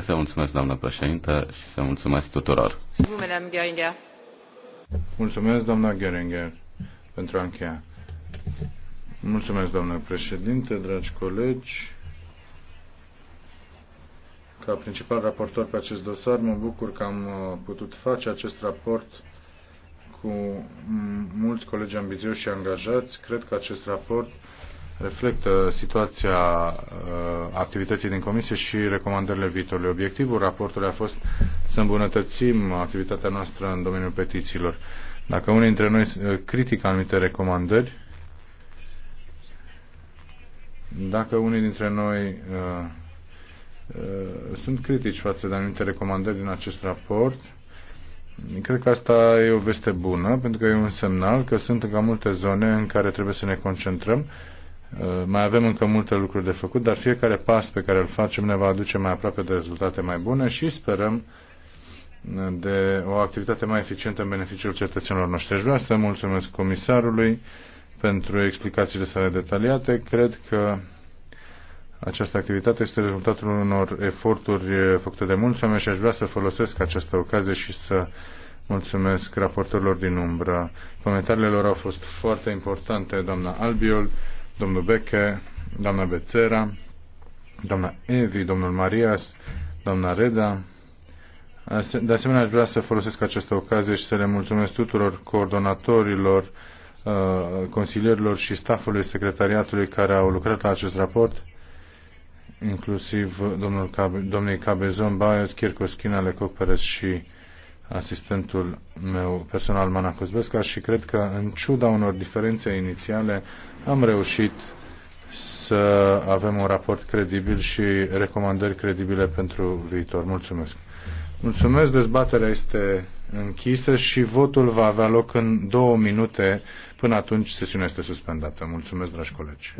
Să mulțumesc, doamnă președintă, și să mulțumesc tuturor. Mulțumesc, doamna Gheringer, pentru a încheia. Mulțumesc, doamnă președinte, dragi colegi. Ca principal raportor pe acest dosar, mă bucur că am uh, putut face acest raport cu mulți colegi ambițioși și angajați. Cred că acest raport reflectă situația uh, activității din comisie și recomandările viitorului. Obiectivul Raportul a fost să îmbunătățim activitatea noastră în domeniul petițiilor. Dacă unii dintre noi uh, critică anumite recomandări, dacă unii dintre noi uh, uh, sunt critici față de anumite recomandări din acest raport, cred că asta e o veste bună, pentru că e un semnal că sunt încă multe zone în care trebuie să ne concentrăm Uh, mai avem încă multe lucruri de făcut, dar fiecare pas pe care îl facem ne va aduce mai aproape de rezultate mai bune și sperăm de o activitate mai eficientă în beneficiul cetățenilor noștri. Aș vrea să mulțumesc comisarului pentru explicațiile sale detaliate. Cred că această activitate este rezultatul unor eforturi făcute de mulți oameni și aș vrea să folosesc această ocazie și să mulțumesc raportorilor din umbră. Comentariile lor au fost foarte importante, doamna Albiol domnul Beche, doamna Bețera, doamna Evi, domnul Marias, doamna Reda. De asemenea, aș vrea să folosesc această ocazie și să le mulțumesc tuturor coordonatorilor, uh, consilierilor și stafului secretariatului care au lucrat la acest raport, inclusiv domnul, domnii Cabezon, Baez, Chircoschina, Lecoc, Perez și asistentul meu personal, Mana Cozbesca, și cred că, în ciuda unor diferențe inițiale, am reușit să avem un raport credibil și recomandări credibile pentru viitor. Mulțumesc! Mulțumesc, dezbaterea este închisă și votul va avea loc în două minute. Până atunci, sesiunea este suspendată. Mulțumesc, dragi colegi!